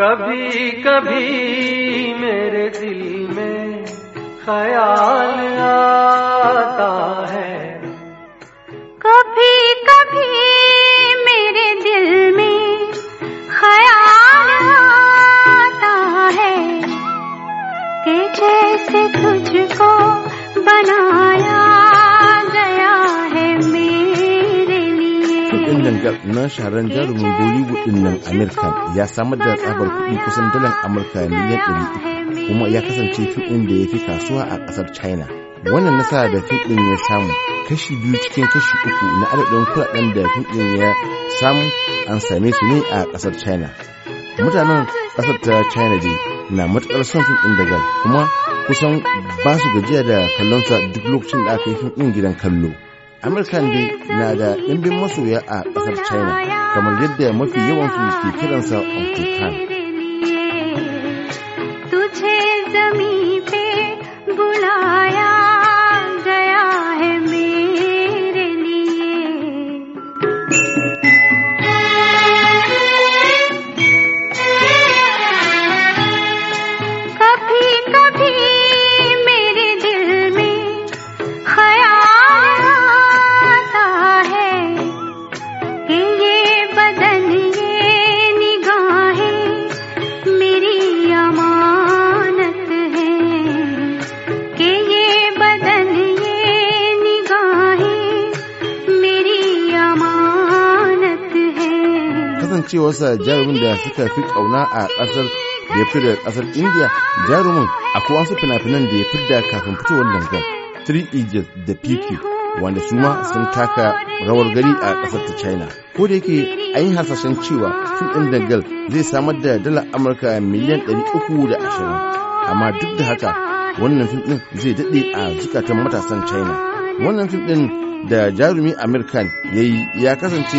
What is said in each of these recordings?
कभी कभी मेरे दिल में ख्याल आता है कभी कभी मेरे दिल में ख्याल आता है कि जैसे तुझको ɗin nan na sharan jarumin Bollywood ɗin nan Amerika ya samar da tsabar kuɗi kusan dalar Amurka miliyan ɗari kuma ya kasance fim da ya fi kasuwa a ƙasar China. Wannan nasara da fim ɗin ya samu kashi biyu cikin kashi uku na adadin kuɗaɗen da fim ya samu an same su ne a ƙasar China. Mutanen ƙasar ta China dai na matuƙar son fim ɗin daga kuma kusan ba su gajiya da kallonsa duk lokacin da aka yi fim gidan kallo. Amurka ne na da ɗimbin masoya a ƙasar china kamar yadda mafi yawan ke kiransa uncle kasancewarsa jarumin da suka fi ƙauna a ƙasar da ya fito ƙasar indiya jarumin akwai wasu fina-finan da ya fi da kafin fitowar dangar three idiots da pq wanda su ma sun taka rawar gari a ƙasar ta china ko da yake an yi hasashen cewa fim ɗin dangal zai samar da dala amurka miliyan 320 amma duk da haka wannan fim ɗin zai daɗe a zukatan matasan china wannan fim ɗin da jarumi american ya yi ya kasance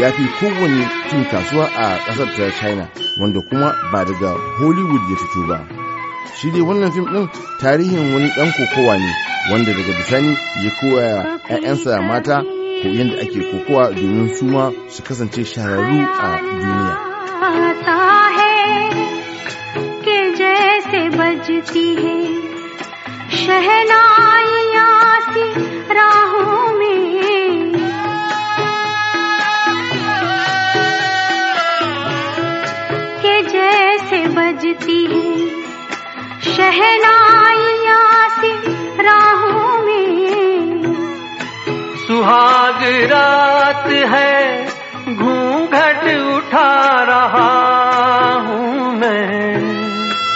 ya fi kowane fim kasuwa a ƙasar ta china wanda kuma ba daga hollywood ya fito ba shi dai wannan fim ɗin tarihin wani ɗan kokowa ne wanda daga bisani ya koya 'ya'yansa mata ko yadda ake kokowa domin su su kasance shahararru a duniya कैसे बजती है शहनाइया से राहों में सुहाग रात है